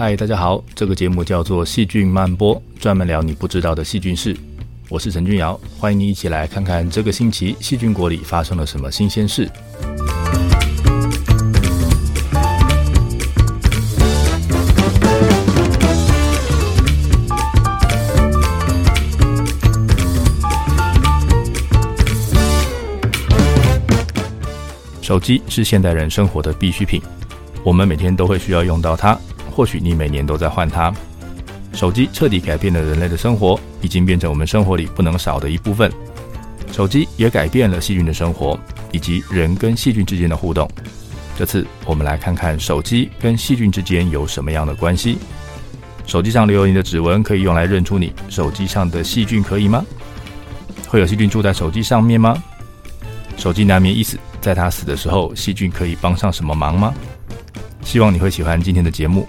嗨，Hi, 大家好！這個節目叫做《細菌曼波》，專門聊你不知道的細菌事。我是陳俊堯，歡迎你一起來看看這個星期細菌國裡發生了什麼新鮮事。手機是現代人生活的必需品，我們每天都會需要用到它。或許你每年都在換它。手機徹底改變了人類的生活，已經變成我們生活裡不能少的一部分。手機也改變了細菌的生活，以及人跟細菌之間的互動。這次我們來看看手機跟細菌之間有什麼樣的關係。手機上留有你的指紋，可以用來認出你。手機上的細菌可以嗎？會有細菌住在手機上面嗎？手機難免一死，在它死的時候，細菌可以幫上什麼忙嗎？希望你會喜歡今天的節目。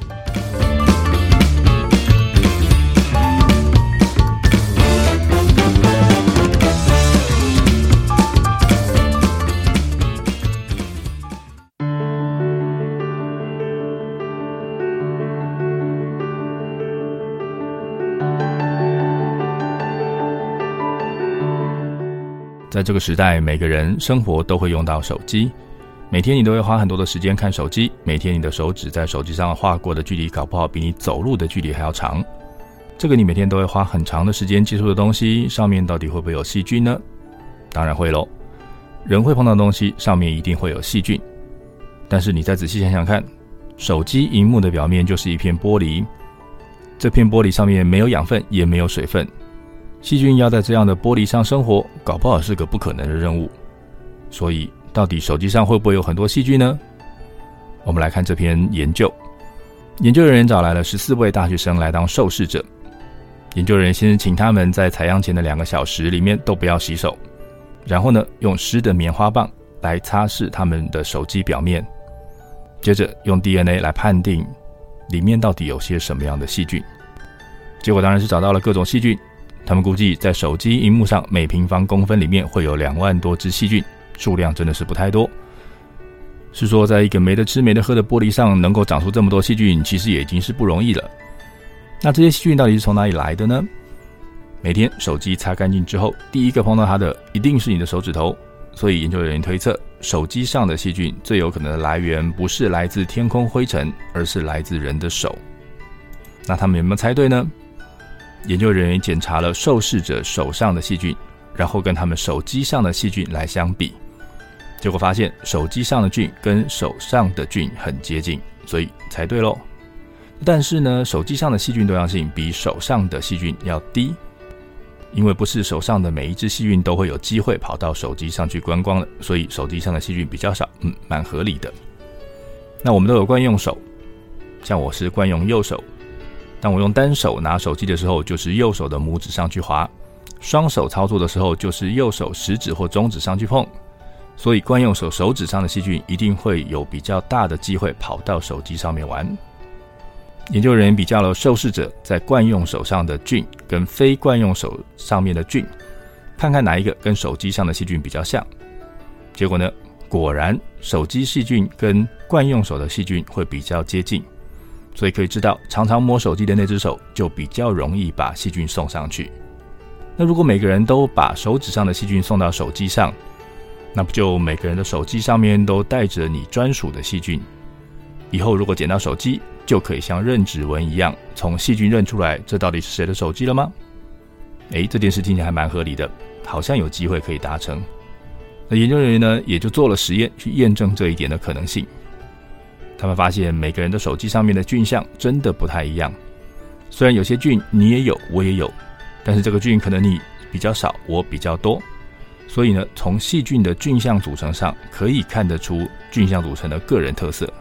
在這個時代，每個人生活都會用到手機，每天你都會花很多的時間看手機，每天你的手指在手機上劃過的距離，搞不好比你走路的距離還要長。這個你每天都會花很長的時間接觸的東西，上面到底會不會有細菌呢？當然會嘍，人會碰到的東西，上面一定會有細菌。但是你再仔細想想看，手機熒幕的表面就是一片玻璃，這片玻璃上面沒有養分，也沒有水分。細菌要在這樣的玻璃上生活，搞不好是個不可能的任務。所以，到底手機上會不會有很多細菌呢？我們來看這篇研究。研究人員找來了十四位大學生來當受試者。研究人員先請他們在採樣前的兩個小時裡面都不要洗手，然後呢，用濕的棉花棒來擦拭他們的手機表面，接着用 DNA 來判定裡面到底有些什麼樣的細菌。結果當然是找到了各種細菌。他們估計，在手機熒幕上每平方公分裡面會有兩萬多隻細菌，數量真的是不太多。是說，在一個沒得吃、沒得喝的玻璃上，能夠長出這麼多細菌，其實也已經是不容易了。那這些細菌到底是從哪裡來的呢？每天手機擦乾淨之後，第一個碰到它的一定是你的手指頭，所以研究人員推測，手機上的細菌最有可能的來源不是來自天空灰塵，而是來自人的手。那他們有沒有猜對呢？研究人員檢查了受試者手上的細菌，然後跟他們手機上的細菌來相比，結果發現手機上的菌跟手上的菌很接近，所以猜對嘍。但是呢，手機上的細菌多樣性比手上的細菌要低，因為不是手上的每一隻細菌都會有機會跑到手機上去觀光的，所以手機上的細菌比較少。嗯，蠻合理的。那我們都有慣用手，像我是慣用右手。但我用單手拿手機的時候，就是右手的拇指上去滑；雙手操作的時候，就是右手食指或中指上去碰。所以，慣用手手指上的細菌一定會有比較大的機會跑到手機上面玩。研究人員比較了受試者在慣用手上的菌跟非慣用手上面的菌，看看哪一個跟手機上的細菌比較像。結果呢，果然手機細菌跟慣用手的細菌會比較接近。所以可以知道，常常摸手機的那隻手就比較容易把細菌送上去。那如果每個人都把手指上的細菌送到手機上，那不就每個人的手機上面都帶着你專屬的細菌？以後如果撿到手機，就可以像認指紋一樣從細菌認出來，這到底是誰的手機了嗎？誒，這件事聽起來還蠻合理的，好像有機會可以達成。那研究人員呢，也就做了實驗去驗證這一點的可能性。他們發現每個人的手機上面的菌相真的不太一樣，雖然有些菌你也有我也有，但是這個菌可能你比較少，我比較多，所以呢，從細菌的菌相組成上可以看得出菌相組成的個人特色。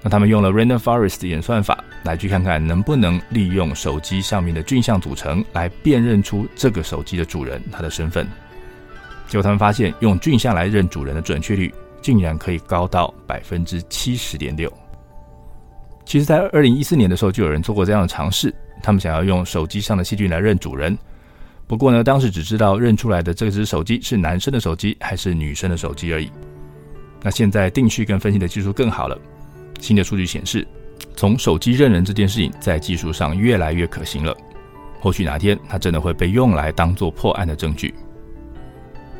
那他們用了 Random Forest 的演算法來去看看能不能利用手機上面的菌相組成來辨認出這個手機的主人，他的身份。結果他們發現用菌相來認主人的準確率，竟然可以高到百分之七十點六。其實，在二零一四年的時候，就有人做過這樣的嘗試，他們想要用手機上的細菌來認主人。不過呢，當時只知道認出來的這只手機是男生的手機還是女生的手機而已。那現在定序跟分析的技術更好了，新的數據顯示，從手機認人這件事情在技術上越來越可行了。或許哪天，它真的會被用來當做破案的證據。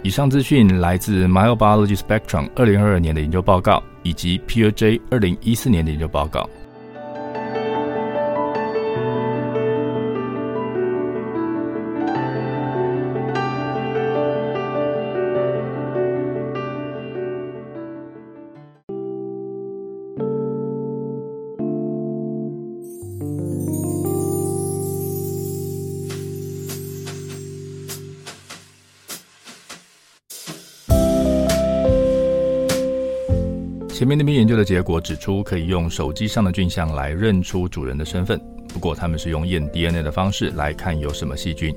以上資訊來自 Myobiology Spectrum 二零二二年的研究報告，以及 Puj 二零一四年的研究報告。前面那篇研究的結果指出，可以用手機上的菌相來認出主人的身份。不過，他們是用驗 DNA 的方式來看有什麼細菌。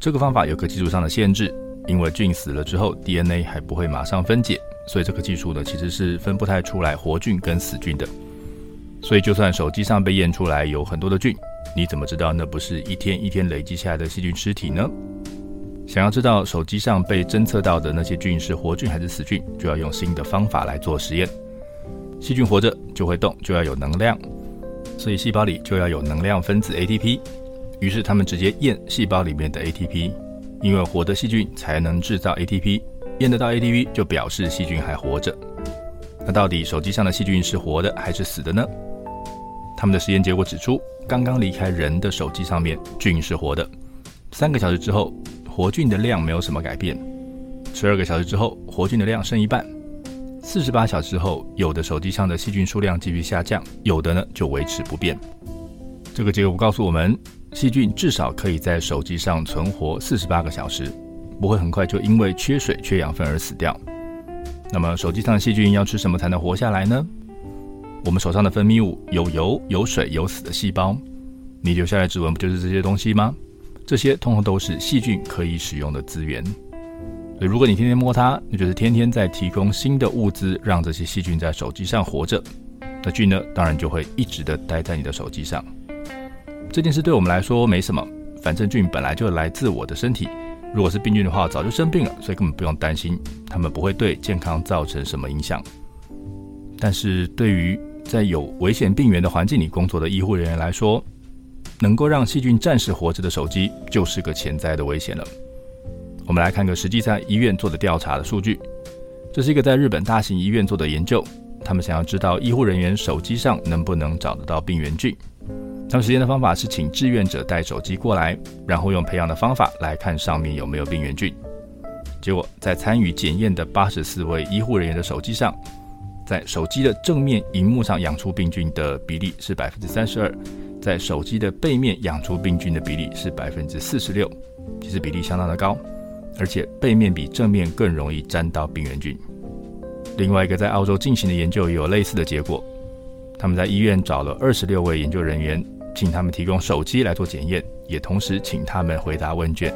這個方法有個技術上的限制，因為菌死了之後，DNA 還不會馬上分解，所以這個技術呢其實是分不太出來活菌跟死菌的。所以，就算手機上被驗出來有很多的菌，你怎麼知道那不是一天一天累積下來的細菌屍體呢？想要知道手機上被偵測到的那些菌是活菌還是死菌，就要用新的方法來做實驗。細菌活着就會動，就要有能量，所以細胞裡就要有能量分子 ATP。於是他們直接驗細胞裡面的 ATP，因為活的細菌才能制造 ATP，驗得到 ATP 就表示細菌還活着。那到底手機上的細菌是活的還是死的呢？他們的實驗結果指出，剛剛離開人的手機上面菌是活的，三個小時之後。活菌的量沒有什麼改變。十二個小時之後，活菌的量剩一半。四十八小時後，有的手機上的細菌數量繼續下降，有的呢就維持不變。這個結果告訴我們，細菌至少可以在手機上存活四十八個小時，不會很快就因為缺水、缺養分而死掉。那麼，手機上的細菌要吃什麼才能活下來呢？我們手上的分泌物有油、有水、有死的細胞，你留下來的指紋不就是這些東西嗎？這些通通都是細菌可以使用的資源，所以如果你天天摸它，你就是天天在提供新的物資，讓這些細菌在手機上活着。那菌呢，當然就會一直的待在你的手機上。這件事對我們來說沒什麼，反正菌本來就來自我的身體，如果是病菌的話，早就生病了，所以根本不用擔心，它們不會對健康造成什麼影響。但是對於在有危險病原的環境裡工作的醫護人員來說，能夠讓細菌暫時活着的手機，就是個潛在的危險了。我們來看個實際在醫院做的調查的數據。這是一個在日本大型醫院做的研究，他們想要知道醫護人員手機上能不能找得到病原菌。他們實驗的方法是請志願者帶手機過來，然後用培養的方法來看上面有沒有病原菌。結果在參與檢驗的八十四位醫護人員的手機上，在手機的正面熒幕上養出病菌的比例是百分之三十二，在手機的背面養出病菌的比例是百分之四十六，其實比例相當的高，而且背面比正面更容易沾到病原菌。另外一個在澳洲進行的研究也有類似的結果，他們在醫院找了二十六位研究人員，請他們提供手機來做檢驗，也同時請他們回答問卷。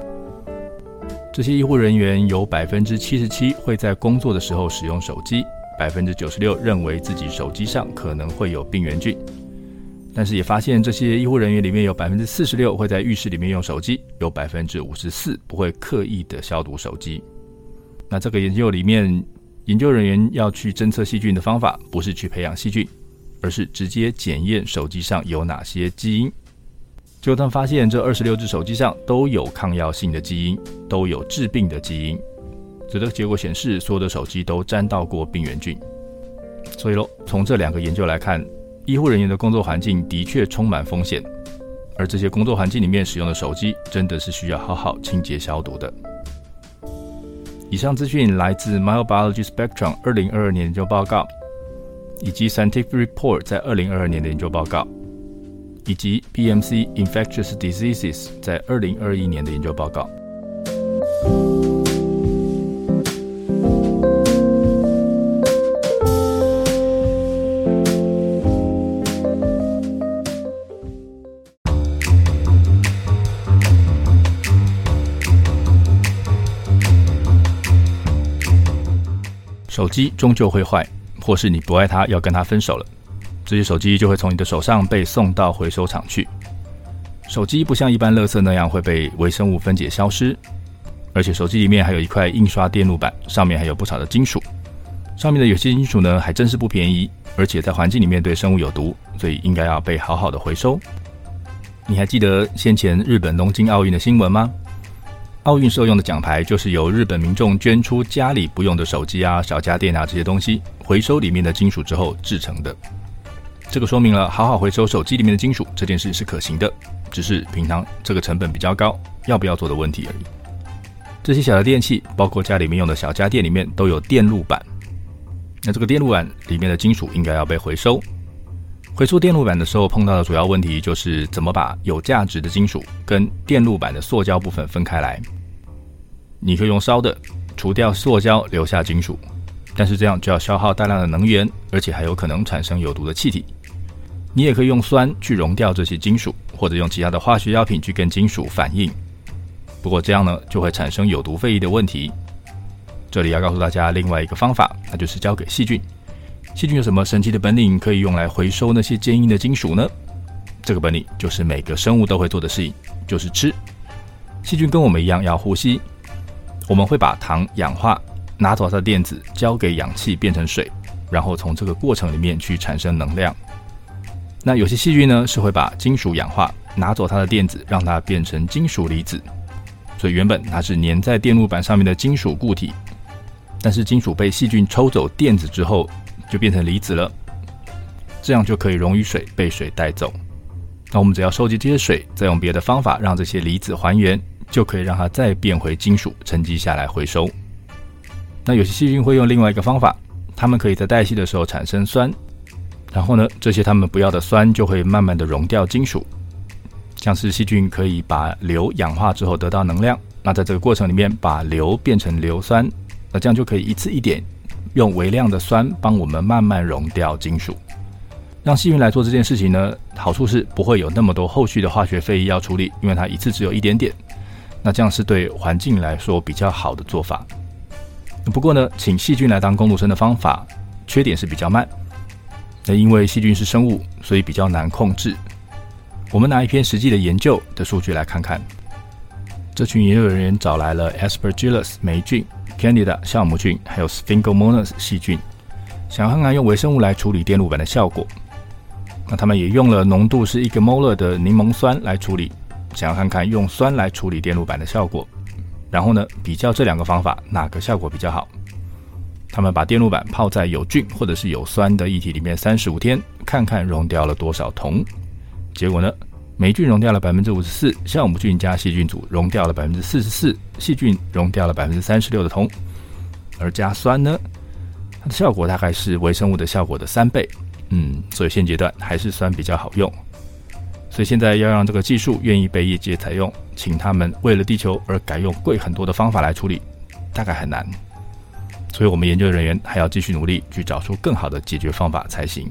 這些醫護人員有百分之七十七會在工作的時候使用手機。百分之九十六認為自己手機上可能會有病原菌，但是也發現這些醫護人員裡面有百分之四十六會在浴室裡面用手機，有百分之五十四不會刻意的消毒手機。那這個研究裡面，研究人員要去偵測細菌的方法不是去培養細菌，而是直接檢驗手機上有哪些基因。結果他們發現這二十六隻手機上都有抗藥性的基因，都有致病的基因。所得結果顯示，所有的手機都沾到過病原菌。所以嘍，從這兩個研究來看，醫護人員的工作環境的確充滿風險，而這些工作環境裡面使用的手機，真的是需要好好清潔消毒的。以上資訊來自《Microbiology Spectrum》二零二二年研究報告，以及《Scientific Report》在二零二二年的研究報告，以及《PMC Infectious Diseases》在二零二一年的研究報告。手機終究會壞，或是你不愛他，要跟他分手了，這些手機就會從你的手上被送到回收廠去。手機不像一般垃圾那樣會被微生物分解消失，而且手機裡面還有一塊印刷電路板，上面還有不少的金屬。上面的有些金屬呢還真是不便宜，而且在環境裡面對生物有毒，所以應該要被好好的回收。你還記得先前日本東京奧運的新聞嗎？奧運時候用的獎牌就是由日本民眾捐出家裡不用的手機啊、小家電啊這些東西，回收裡面的金屬之後製成的。這個說明了好好回收手機裡面的金屬這件事是可行的，只是平常這個成本比較高，要不要做的問題而已。這些小的電器，包括家裡面用的小家電裡面都有電路板，那這個電路板裡面的金屬應該要被回收。回收電路板的時候，碰到的主要問題就是怎麼把有價值的金屬跟電路板的塑膠部分分開來。你可以用燒的除掉塑膠，留下金屬，但是這樣就要消耗大量的能源，而且還有可能產生有毒的氣體。你也可以用酸去溶掉這些金屬，或者用其他的化學藥品去跟金屬反應。不過這樣呢，就會產生有毒廢液的問題。這裡要告訴大家另外一個方法，那就是交給細菌。細菌有什麼神奇的本領可以用來回收那些堅硬的金屬呢？這個本領就是每個生物都會做的事情，就是吃。細菌跟我們一樣要呼吸，我們會把糖氧化，拿走它的電子，交給氧氣變成水，然後從這個過程裡面去產生能量。那有些細菌呢，是會把金屬氧化，拿走它的電子，讓它變成金屬離子。所以原本它是粘在電路板上面的金屬固體，但是金屬被細菌抽走電子之後，就變成離子了，這樣就可以溶於水，被水帶走。那我們只要收集這些水，再用別的方法讓這些離子還原，就可以讓它再變回金屬，沉積下來回收。那有些細菌會用另外一個方法，它們可以在代謝的時候產生酸，然後呢，這些它們不要的酸就會慢慢的溶掉金屬。像是細菌可以把硫氧化之後得到能量，那在這個過程裡面把硫變成硫酸，那這樣就可以一次一點。用微量的酸幫我們慢慢溶掉金屬，讓細菌來做這件事情呢？好處是不會有那麼多後續的化學廢液要處理，因為它一次只有一點點。那這樣是對環境來說比較好的做法。不過呢，請細菌來當公路生的方法，缺點是比較慢。那因為細菌是生物，所以比較難控制。我們拿一篇實際的研究的數據來看看。這群研究人員找來了 Aspergillus 霉菌。Candida 酵母菌，還有 Sphingomonas 細菌，想看看用微生物來處理電路板的效果。那他們也用了濃度是一個 molar 的檸檬酸來處理，想看看用酸來處理電路板的效果。然後呢，比較這兩個方法哪個效果比較好。他們把電路板泡在有菌或者是有酸的液體裡面三十五天，看看溶掉了多少銅。結果呢？霉菌溶掉了百分之五十四，酵母菌加細菌組溶掉了百分之四十四，細菌溶掉了百分之三十六的銅，而加酸呢，它的效果大概是微生物的效果的三倍。嗯，所以現階段還是酸比較好用。所以現在要讓這個技術願意被業界採用，請他們為了地球而改用貴很多的方法來處理，大概很難。所以我們研究人員還要繼續努力去找出更好的解決方法才行。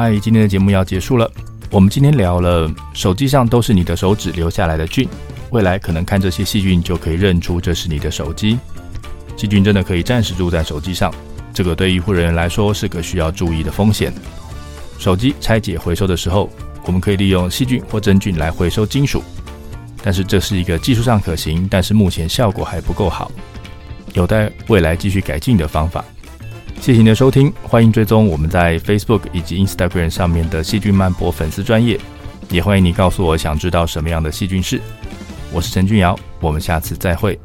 嗨，今天的節目要結束了。我們今天聊了，手機上都是你的手指留下來的菌，未來可能看這些細菌就可以認出這是你的手機。細菌真的可以暫時住在手機上，這個對醫護人員來說是個需要注意的風險。手機拆解回收的時候，我們可以利用細菌或真菌來回收金屬，但是這是一個技術上可行，但是目前效果還不夠好，有待未來繼續改進的方法。謝謝你的收聽，歡迎追蹤我們在 Facebook 以及 Instagram 上面的細菌曼波粉絲專頁，也歡迎你告訴我想知道什麼樣的細菌事。我是陳俊堯，我們下次再會。